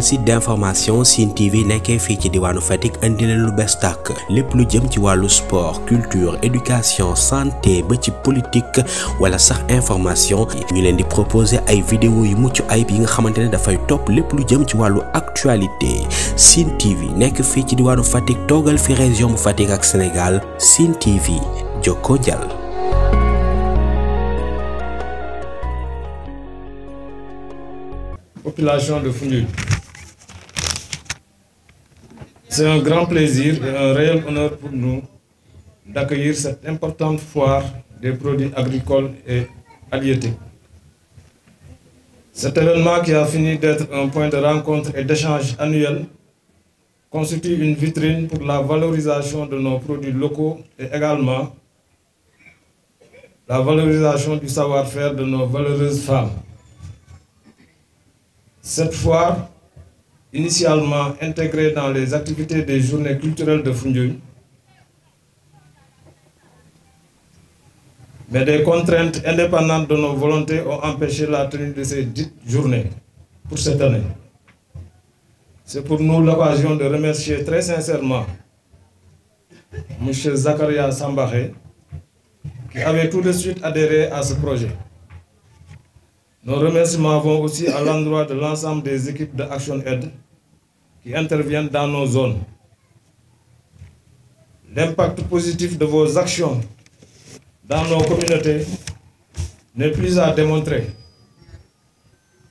site d'information Sine TV qu'un fichier ci diwanu Fatick un délai lu l'obestac tàkk plus lu jëm ci walu sport culture éducation santé ba ci politique wala sax information ñu leen di proposer ay vidéo yu muccu ay bi nga xamantene le plus top lepp lu jëm ci walu actualité Sine TV nek fi ci diwanu Fatick togal fi région bu Fatick ak Sénégal Sine TV joko djal population de Foundiougne c'est un grand plaisir et un réel honneur pour nous d'accueillir cette importante foire des produits agricoles et halieutiques. Cet événement qui a fini d'être un point de rencontre et d'échange annuel constitue une vitrine pour la valorisation de nos produits locaux et également la valorisation du savoir-faire de nos valeureuses femmes. Cette foire initialement intégré dans les activités des journées culturelles de Fundjoun, mais des contraintes indépendantes de nos volontés ont empêché la tenue de ces dites journées pour cette année. C'est pour nous l'occasion de remercier très sincèrement M. Zakaria Sambaré, qui avait tout de suite adhéré à ce projet. Nos remerciements vont aussi à l'endroit de l'ensemble des équipes de Action Aid qui interviennent dans nos zones. L'impact positif de vos actions dans nos communautés n'est plus à démontrer.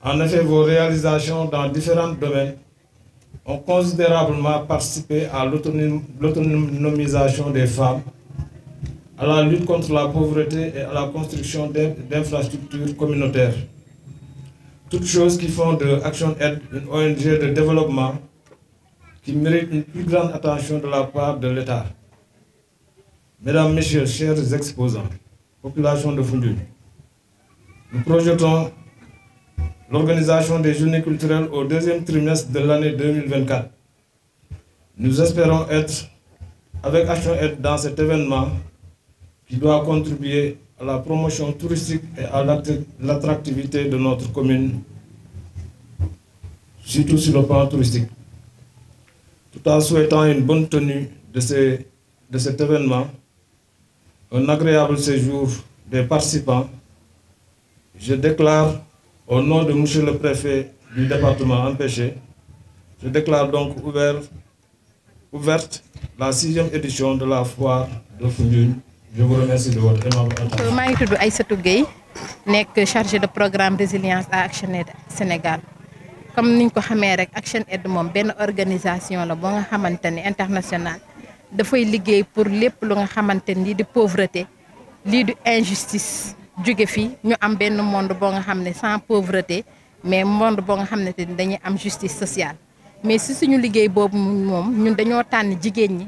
En effet, vos réalisations dans différents domaines ont considérablement participé à l'autonomisation des femmes, à la lutte contre la pauvreté et à la construction d'infrastructures communautaires toutes choses qui font de Action Aid une ONG de développement qui mérite une plus grande attention de la part de l'État. Mesdames, Messieurs, chers exposants, population de Fundu, nous projetons l'organisation des journées culturelles au deuxième trimestre de l'année 2024. Nous espérons être avec Action Aid dans cet événement qui doit contribuer à la promotion touristique et à l'attractivité de notre commune, surtout sur le plan touristique. Tout en souhaitant une bonne tenue de, ces, de cet événement, un agréable séjour des participants, je déclare au nom de M. le Préfet du département empêché, je déclare donc ouverte la sixième édition de la foire de Foudune je vous remercie de votre aimable attention. Je euh, ngi Aïssatou Gueye suis chargé de programme résilience à Action Aid Sénégal comme nous ko Action rek Aid est une organisation la a internationale qui liggéey pour les lu nga di pauvreté lii Du injustice jóge fi ñu monde sans pauvreté mais monde qui nga dañuy justice sociale mais si suñu liggéey boobu moom ñun dañoo tànn jigéen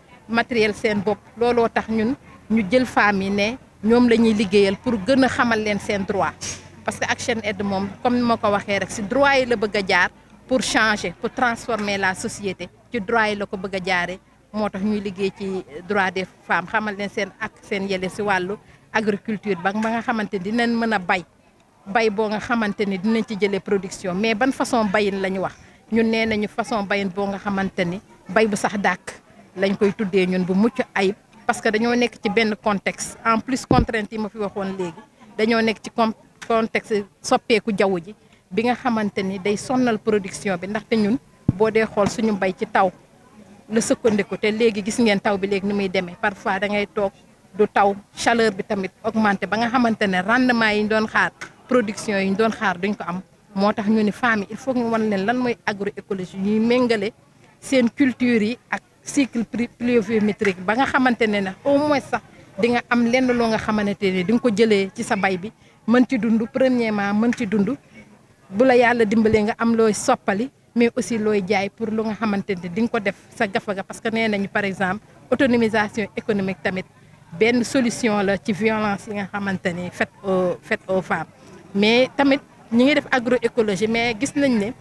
matériel sen bop lolo tax ñun ñu jël femme yi ne ñoom la liggéeyal pour gëna xamal leen sen droit parce que Action aide mom comme ni ma ko waxee rek ci droit yi la bëgg jaar pour changer pour transformer la société ci droit yi la ko bëgg jaaré motax ñuy liggéey ci droit des femmes xamal leen sen ak sen yele ci walu agriculture ba nga xamante dinañ mëna bay bay bo nga xamante dinañ ci jëlé production mais ban façon bayin la wax ñun né nañu façon bayin bo nga xamante bay bu sax dak lañ koy tuddee ñun bu mucc ayib parce que dañoo nekk ci benn contexte en plus contrainte yi ma fi waxoon léegi dañoo nekk ci contexte soppeeku jaww ji bi nga xamante ni day sonnal production bi ndaxte ñun boo dee xool suñu mbay ci taw la sëkkandiku te léegi gis ngeen taw bi léegi ni muy demee parfois da ngay toog du taw chaleur bi tamit augmenté ba nga xamante ne rendement yi ñu doon xaar production yi ñu doon xaar duñ ko am moo tax ñu ni femmes yi il faut ñu wan leen lan mooy agroécologie ñuy méngale seen culture yi ak cycle pluviométrique ba nga au moins ça. di nga am lenn nga di nga ko ci sa bay bi mën ci premièrement mën ci mais aussi pour nga di nga parce que par exemple autonomisation économique tamit ben solution la violence nga Fait aux femmes mais tamit ñi def agroécologie mais gis nañ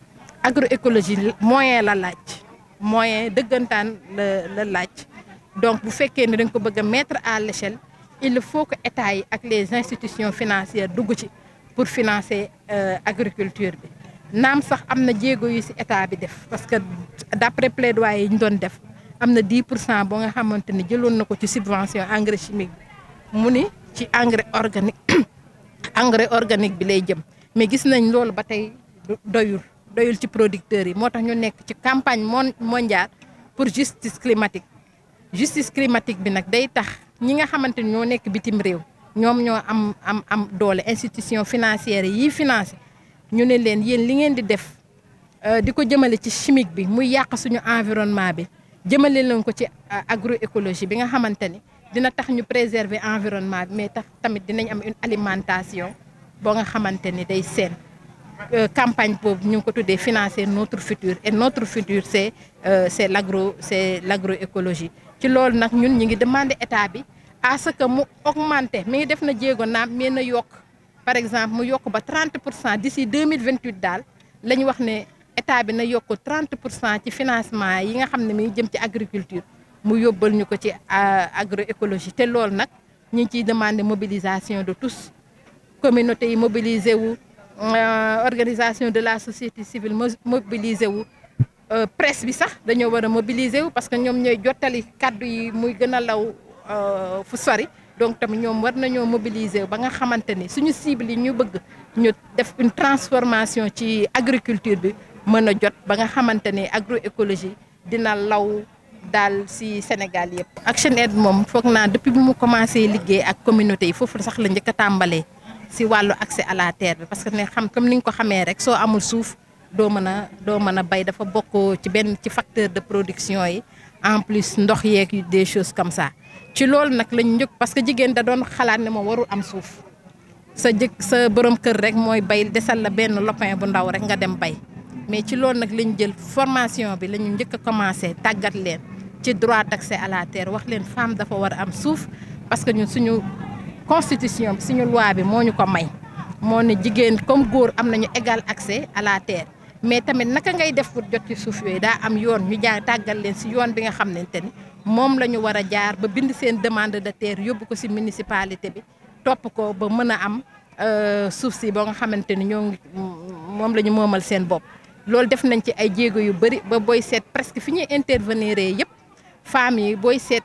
agroécologie moyen la laaj moyen de la le lac donc bu faites ne dañ ko bëgg mettre à l'échelle il faut que état yi ak les institutions financières dugg ci pour financer l'agriculture euh, bi nam sax amna djégo yu ci état bi def parce que d'après plaidoyer yi ñu doon def amna 10 bo nga xamante ni ci subvention engrais chimique muni qui ci engrais organique engrais organique bi lay jëm mais gis nañ loolu batay tey doyul doyul ci producteurs yi motax ñu nekk ci campagne mondiale pour justice climatique justice climatique bi nak day tax ñi nga xamanteni ni ñoo nekk bitim réew ñoom ñoo am am am doole institution financière yi financé ñu ne leen yeen li ngeen di def euh, di ko jëmale ci chimique bi muy yàq suñu environnement bi jëmale leen ko ci euh, agroécologie bi nga xamanteni dina tax ñu préserver environnement bi mais tax tamit dinañ am une alimentation bo nga xamante ni day seen euh, campagne pour nous financer notre futur et notre futur c'est euh, c'est l'agro c'est l'agroécologie ci loolu ñun ngi demander à ce que mu augmenter mais def na mais par exemple mu avons 30 d'ici 2028 Nous avons wax 30 de financement yi nga Nous mi jëm ci agriculture mu euh, agroécologie mobilisation de tous communauté yi mobiliser euh, organisation de la société civile mobilisé euh, presse bi sax dañoo wara mobiliser parce que ñom ñooy jotali cadre yi muy gëna a law euh, fu sori donc tam ñom war nañoo mobiliser ba nga xamanteni suñu cible yi ñu bëgg ñu def une transformation ci agriculture bi mëna jot ba nga xamanteni agroécologie dina law dal si Sénégal yépp Action aide mom foog naa depuis bi mu commencé liggéey ak communauté fofu sax la ñëk tambalé si wàllu accès à la terre bi parce que ne xam comme ni nga ko xamee rek soo amul suuf doo mën a doo mën a bay dafa bokk ci benn ci facteur de production yi en plus ndox yeeg des choses comme ça ci loolu nag lañ njëkk parce que jigéen da doon xalaat ne moom warul am suuf sa jëkk sa borom kër rek mooy bay desal la benn lopin bu ndaw rek nga dem bay mais ci loolu nag lañ jël formation bi la ñu njëkk a commencé tàggat leen ci droit d'accès à la terre wax leen femme dafa war a am suuf parce que suñu constitution bi suñu loi bi moo ñu ko may moo ne jigéen comme góor am na ñu égal accès à la terre mais tamit naka ngay def pour jot ci suuf yooyu daa am yoon ñu jaar tàggal leen si yoon bi nga xamante ni moom la ñu war a jaar ba bind seen demande de terre yóbbu ko si municipalité bi topp ko ba mën a am euh, suuf si ba nga xamante ni ñoo ngi moom lañu moomal seen bopp. loolu def nañ ci ay jéego yu bëri ba booy seet presque fi ñuy intervenir yëpp femmes yi seet.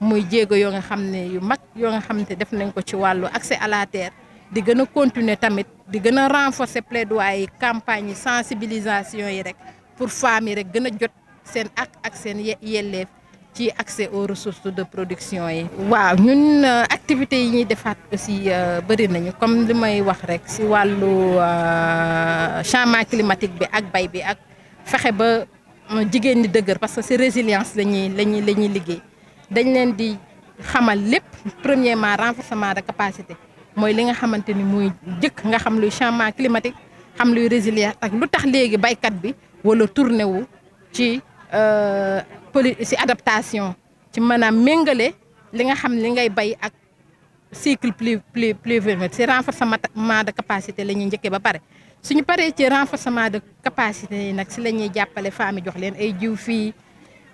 muy jéego yoo nga xam ne yu mag yoo nga xam ne def nañ ko ci wàllu accès à la terre di gën a continuer tamit di gën a renforcer plaidoyer yi campagne sensibilisation yi rek pour femmes yi rek gën a jot seen ak ak seen yelleef ci accès aux ressources de production yi. waaw ñun euh, activités yi ñuy defaat aussi euh, bëri nañu comme li may wax rek si wàllu euh, changement climatique bi ak bay bi ak fexe ba jigéen ñi dëgër parce que si résilience lañuy lañuy la ñuy liggéey. dañ leen di xamal lépp premièrement renforcement de capacité mooy li nga xamante ni muy jëkk nga xam luy changement climatique xam luy résilience ak lu tax léegi baykat bi wala tourné wu ci euh, poli ci adaptation ci maanaam méngale li nga xam li ngay bay ak cycle plu plu pluviométrique ci renforcement de capacité la ñuy njëkkee ba pare suñu paree ci renforcement de capacité yi nag si la ñuy jàppale femmes yi jox leen ay jiw fii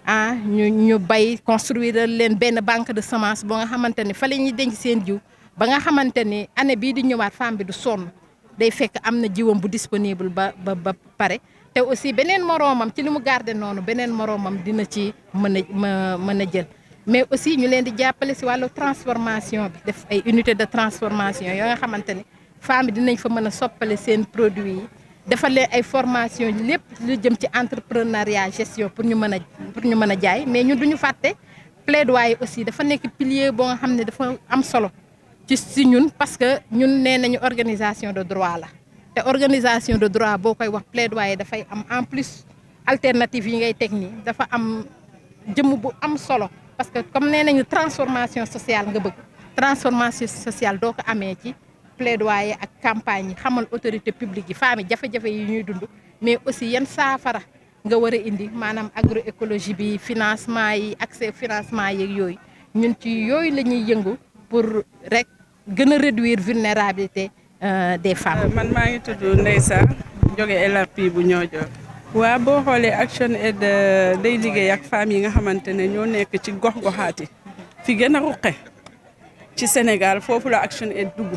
ah ñu ñu bay construire leen benn banque de semence bo nga xamante ni fa la ñuy denc seen jiw ba nga xamante ni année bii di ñëwaat femme bi du sonn day fekk am na jiwam bu disponible ba ba ba pare te aussi beneen moroomam ci li mu garder noonu beneen moroomam dina ci mën a mën a jël mais aussi ñu leen di jàppale si wàllu transformation bi def ay unité de transformation yoo nga xamante ni femme bi dinañ fa mën a soppale seen produit yi il faut des formation lépp lu jëm entrepreneuriat gestion pour nous manager pour ñu manager mais ñun duñu plaidoyer aussi dafa nekk pilier piliers nga xam ne dafa am solo parce que nous sommes une organisation de droit la organisation de droit beaucoup koy wax plaidoyer dafay am en plus alternative yi ngay faire des am parce que comme sommes une transformation sociale nga transformation sociale donc ko plaidoyer ak campagne yi xamal autorité publique yi femmes yi jafe-jafe yi ñuy dund mais aussi yan saafara nga war a indi maanaam écologie bi financement yi accès financement yeeg yooyu ñun ci yooyu lañuy yëngu pour rek gën a réduire vulnérabilité euh, des femmes. Euh, man maa ngi tudd Ndeye Sarr jóge LRP bu Niodior waa boo xoolee Action Aid euh, day liggéey ak femmes yi nga xamante ne ñoo nekk ci gox-goxaati fi gën a ruqe ci Sénégal foofu la Action Aid dugg.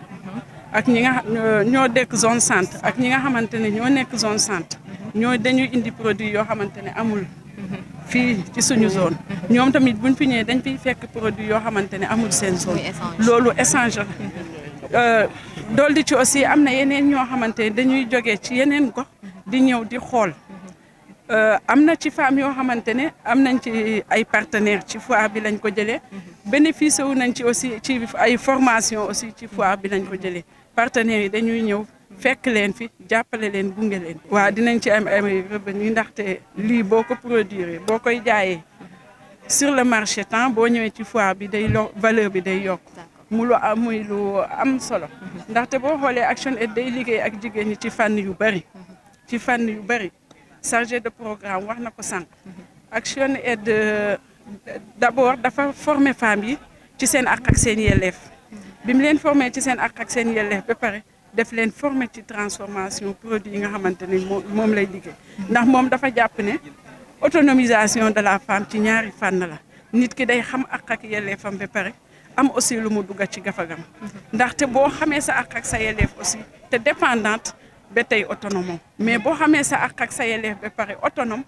ak ñi nga euh, ñoo dekk zone centre ak ñi nga xamante ne ñoo nekk zone centre ñoo dañuy indi produit yoo xamante ne amul fii ci suñu zone ñoom tamit buñ fi ñëwee dañ fiy fekk produit yoo xamante ne amul seen zone loolu échange la euh, di ci aussi am na yeneen ñoo xamante ne dañuy joge ci yeneen gox di ñëw di xool euh, am na ci femmes yoo xamante ne am nañ ci ay partenaires ci foire bi lañ ko jëlee bénéficié wu ci aussi ci ay formation aussi ci foire bi lañ ko jëlé partenaires dañuy ñëw fekk leen fi jappalé leen gunge leen. wa dinañ ci am ay revenu ndaxte lii boo ko produire bokoy koy sur le marché temps bo ñëwee ci foire bi day valeur bi day yok mu lu am muy lu am solo. ndaxte bo xolé Action Aid day liggéey ak jigéen ñi ci fann yu bari. ci fann yu bari chargé de programme wax na ko sànq. Mhm. Action Aid d'abord dafa former femme yi ci sen ak ak sen yelef bi mu leen former ci sen ak ak sen yelef ba pare def leen former ci transformation produit yi nga xamanteni mom lay liggéey ndax mom dafa japp ne autonomisation de la femme ci ñaari fànn la nit ki day xam ak ak yelleefam ba pare am aussi lu mu dugg ci gafagam ndaxte bo xamee sa ak ak sa yelef aussi te dépendante ba tay autonome mais bo xamee sa ak ak sa yelef ba pare autonome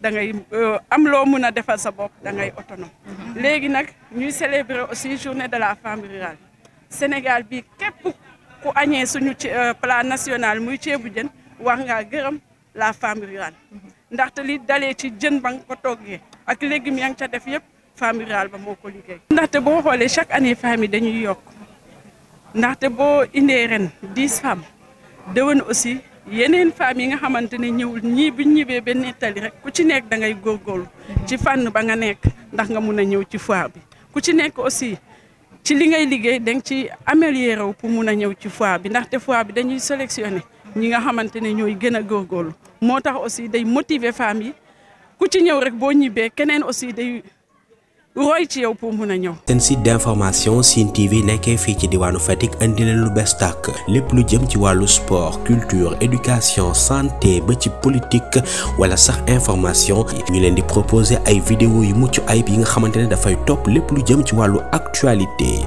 da ngay euh, am loo mën a defal sa bopp da ngay autonome mhm. léegi nag ñuy célébrer aussi journée de la femme rurale Sénégal bi képp ku añee suñu ci euh, plat national muy ceebu jën war ngaa gërëm la femme rurale mhm. ndaxte li dalee ci jën ba nga ko toggee ak légumes ya nga ca def yëpp femme rurale ba moo ko liggéey ndaxte boo xoolee chaque année femme dañuy yokk ndaxte boo indee ren dix femmes déwén aussi yeneen femmes yi nga xamante ne ñëwul ñii bu ñu ñibbee ba nettali rek ku ci nekk da ngay góorgóorlu ci fànn ba nga nekk ndax nga mun a ñëw ci foire bi ku ci nekk aussi ci li ngay liggéey da ci améliorer wu pour mun a ñëw ci foire bi ndaxte foire bi dañuy sélectionner ñi nga xamante ne ñooy gën a góorgóorlu moo tax aussi day motiver femmes yi ku ci ñëw rek boo ñibbee keneen aussi day roy ci yow pour site d'information TV fi ci diwanu Fatick andi sport culture éducation santé ba politique wala sax information ñu len di proposer ay vidéo yu muccu ay bi nga le plus lu jëm ci actualité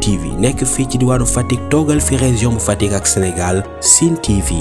TV nekk fi ci diwanu Fatick togal fi région ak Sénégal TV